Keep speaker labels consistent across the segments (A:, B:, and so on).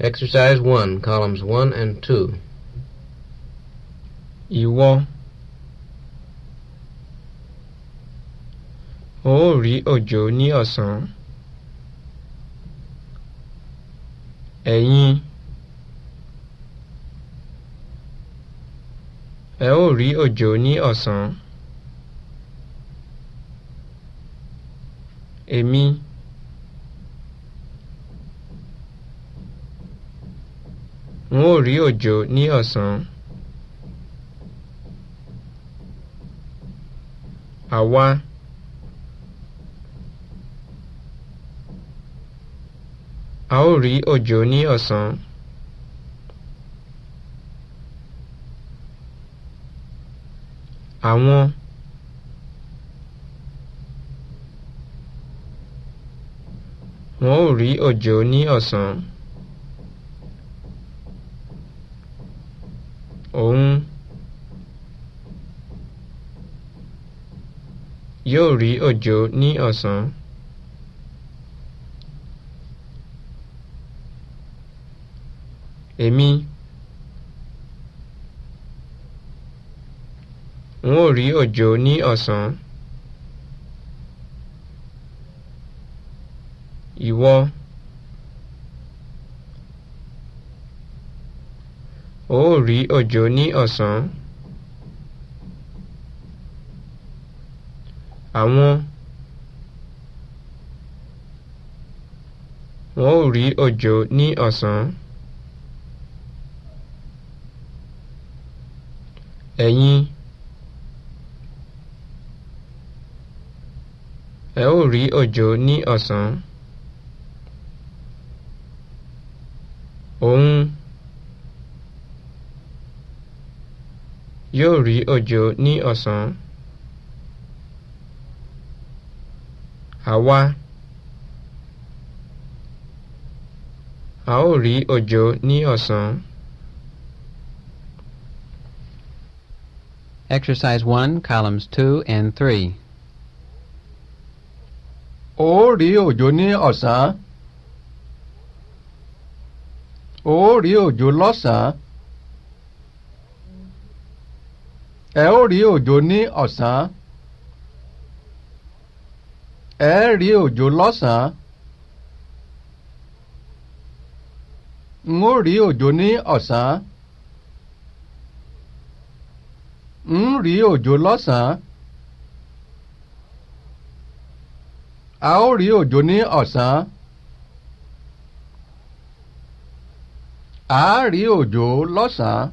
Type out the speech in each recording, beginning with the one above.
A: Exercise 1, columns 1 and 2. Ìwọ
B: ó rí òjò A ọ̀sán. Ẹ̀yin ẹ ó rí òjò ní ọ̀sán. Èmi. E ó rí òjò ní ọ̀sán. àwa a ó ní ọ̀sán. àwọn wọn ò òjò ní ọ̀sán. òun yóò rí òjò ní ọ̀sán. èmi n ó rí òjò ní ọ̀sán. ìwọ. O ó rí òjò ní ọ̀sán. Àwọn wọn ó rí òjò ní ọ̀sán. Ẹ̀yin ẹ ó rí òjò ní ọ̀sán. Yóò rí òjò ní ọ̀sán. Àwa a ó rí òjò ní ọ̀sán.
C: Exercise 1, columns 2 and 3. Ó rí òjò ní ọ̀sán. Ó rí òjò lọ́sàn-án. ẹ ó rí òjò ní ọ̀sán ẹ rí òjò lọ́sàn-án n ó rí òjò ní ọ̀sán n rí òjò lọ́sàn-án a ó rí òjò ní ọ̀sán a rí òjò lọ́sàn-án.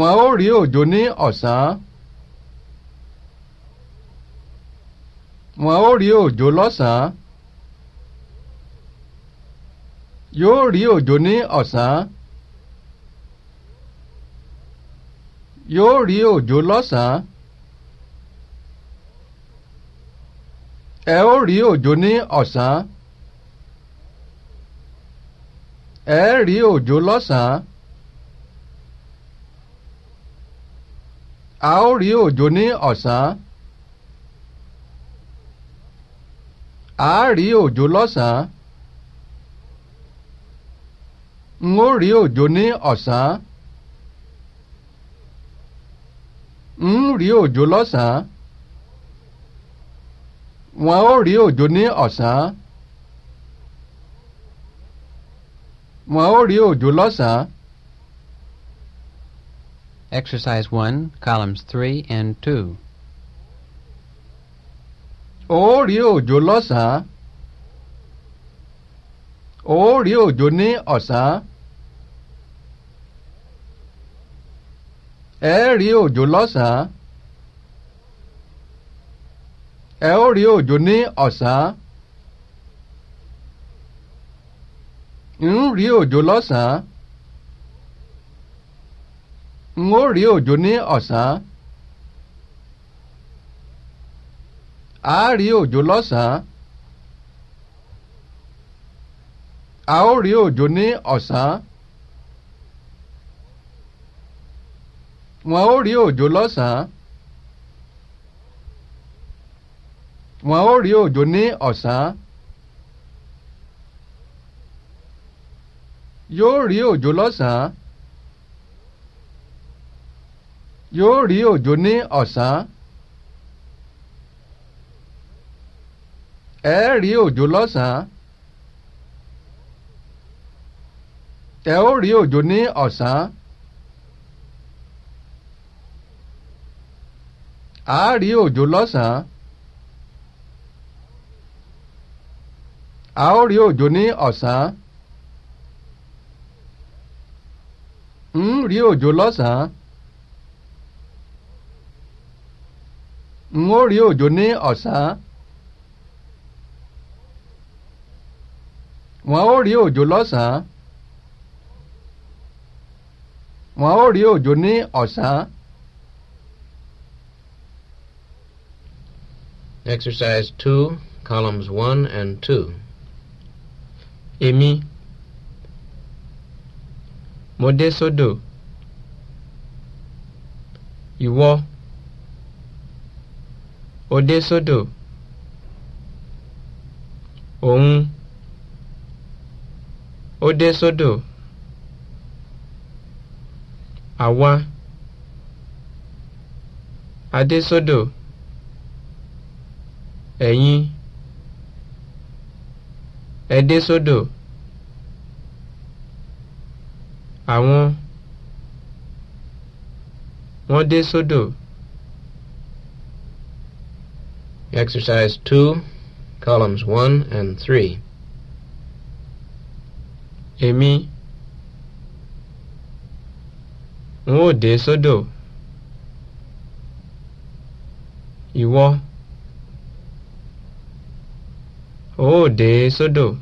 C: wọn ó rí òjò ní ọ̀sán. wọn ó rí òjò lọ́sàn-án. yóò rí òjò ní ọ̀sán. yóò rí òjò lọ́sàn-án. ẹ ó rí òjò ní ọ̀sán. ẹ rí òjò lọ́sàn-án. a ó rí òjò ní ọ̀sán a á rí òjò lọ́sàn-án n ó rí òjò ní ọ̀sán n rí òjò lọ́sàn-án wọn ó rí òjò ní ọ̀sán wọn ó rí òjò lọ́sàn-án. Exercise 1, columns 3 and 2. Ó rí òjò lọ́sàn-án. Ó rí òjò ní Rio, Ẹ rí ojo jolosa. n ó rí òjò ní ọ̀sán a rí òjò lọ́sàn-án a ó rí òjò ní ọ̀sán wọn ó rí òjò lọ́sàn-án wọn ó rí òjò ní ọ̀sán. yóò rí òjò lọ́sàn-án yóò rí òjò ní ọ̀sán ẹ rí òjò lọ́sàn-án ẹ ó rí òjò ní ọ̀sán a rí òjò lọ́sàn-án a ó rí òjò ní ọ̀sán ń rí òjò lọ́sàn-án. n ó rí òjò ní ọ̀sán wọn ó rí òjò ó rí òjò Exercise 2,
A: columns 1 and 2. Èmi. Mo sódò.
B: Ìwọ. ó dé sódò òun ó dé sódò àwa a dé sódò ẹ̀yin ẹ dé sódò
A: àwọn wọ́n dé sódò. Exercise 2, columns 1 and 3. Èmi O ó dé sódò.
B: Ìwọ o dé sódò.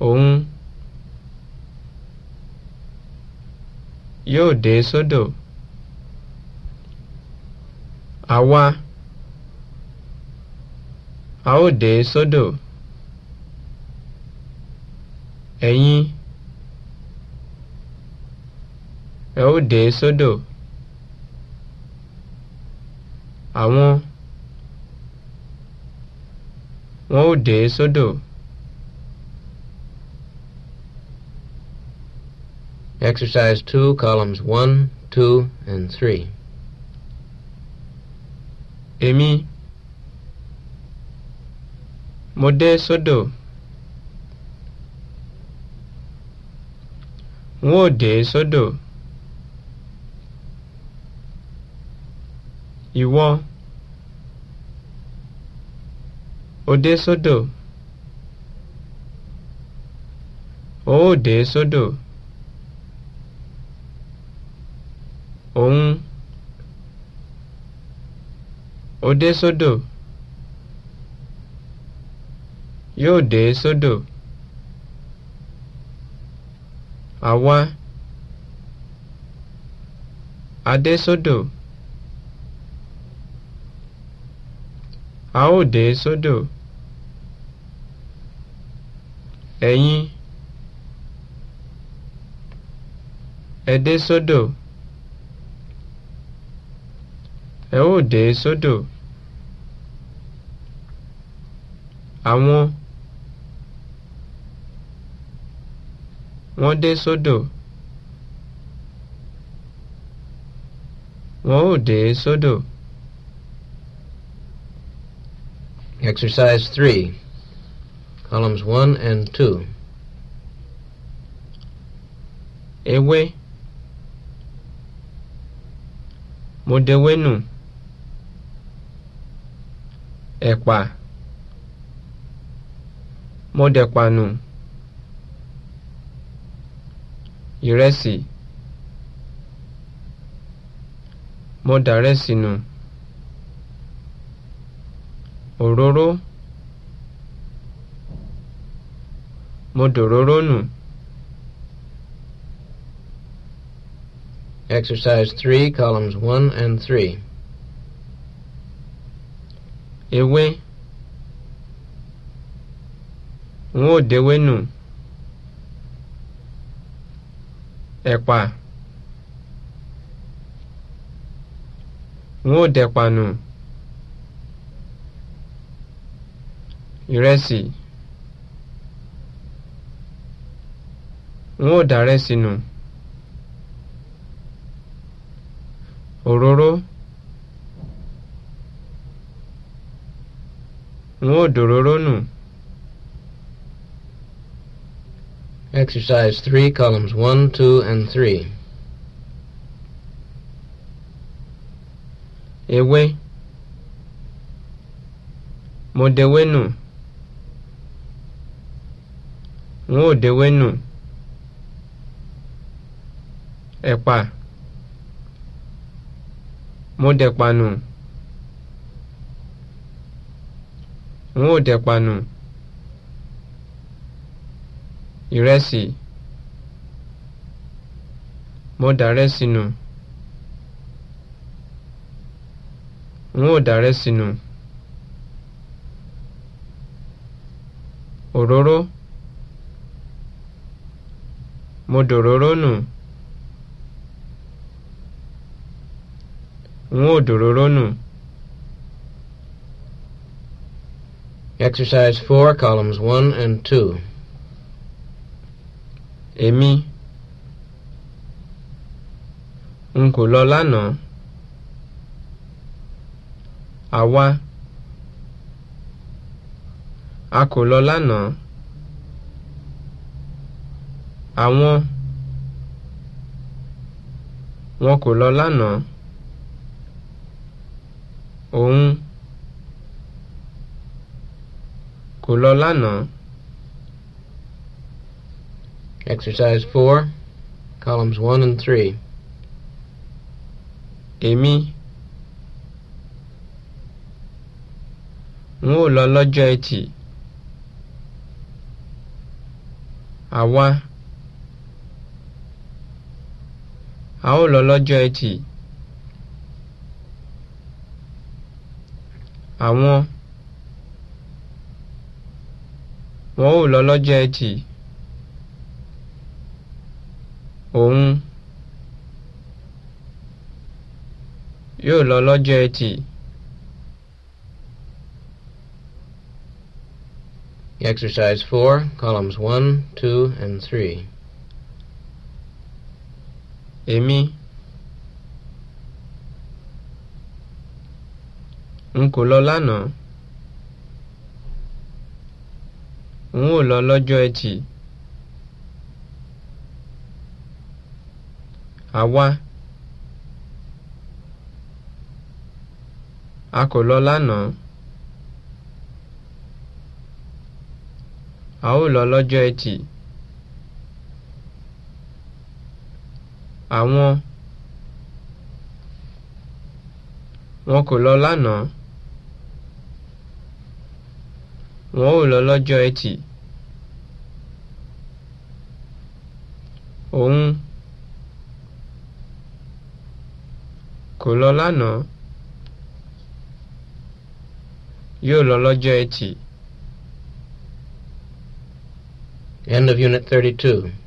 B: Òun Yo dé sódò àwa a ó dé sódò ẹ̀yin ẹ ó dé sódò àwọn
A: wọn ó dé sódò. Exercise 2, columns 1, 2, and 3. èmi
B: mo dé sọ́dọ̀ n ó dé sọ́dọ̀ ìwọ o dé sọ́dọ̀ o ó dé sọ́dọ̀ òun. Ó dé sódò. Yóò dé sódò. Àwa. A dé sódò. A ó dé sódò. Ẹ̀yin. Ẹ dé sódò. Ẹ ó dé sódò. àwọn wọ́n dé sọ́dọ̀
A: wọ́n ò dé sọ́dọ̀. Exercise three, columns one and two. Ewé
B: Mo dewé nù. Ẹ̀pà. E mo dẹ̀ pànù ìrẹsì òróró
A: mo nù. Exercise 3, columns 1 and 3.
B: Ewé. n ó dewe nù ẹ̀pà n ó dẹ̀pà nù ìrẹsì n ó dàrẹsì nù òróró
A: n ó dòróró nù. Exercise 3, columns 1, 2, and 3. Ewé.
B: Mo dewé nù. N ó dewé nù. Ẹ̀pà. Mo dẹ̀pà nù. ó dẹ̀pà nù ìrẹsì mo dàrẹsì nù n ó dàrẹsì nù òróró mo dòróró nù
A: n ó dòróró nù. Exercise 4, columns 1 and 2. Èmi
B: n kò lọ lánàá. Àwa a kò lọ lánàá. Àwọn wọn kò lọ lánàá. Òun
A: kò lọ lánàá. Exercise 4, columns 1 and 3.
B: Èmi n ó lọ lọ́jọ́ Ẹtì. Àwa a ó lọ lọ́jọ́ Ẹtì. Àwọn wọn ó lọ lọ́jọ́ Ẹtì òun
A: yóò lọ lọ́jọ́ ẹtì exercise four columns one two and three èmi n kò lọ
B: lánàá n ò lọ lọ́jọ́ ẹtì. Àwa a kò lọ lánàá. A ó lọ lọ́jọ́ ẹtì. Àwọn wọn kò lọ lánàá. Wọn ó lọ lọ́jọ́ ẹtì. Kò lọ lánàá.
A: Yóò lọ lọ́jọ́ Ẹtì. End of Unit 32.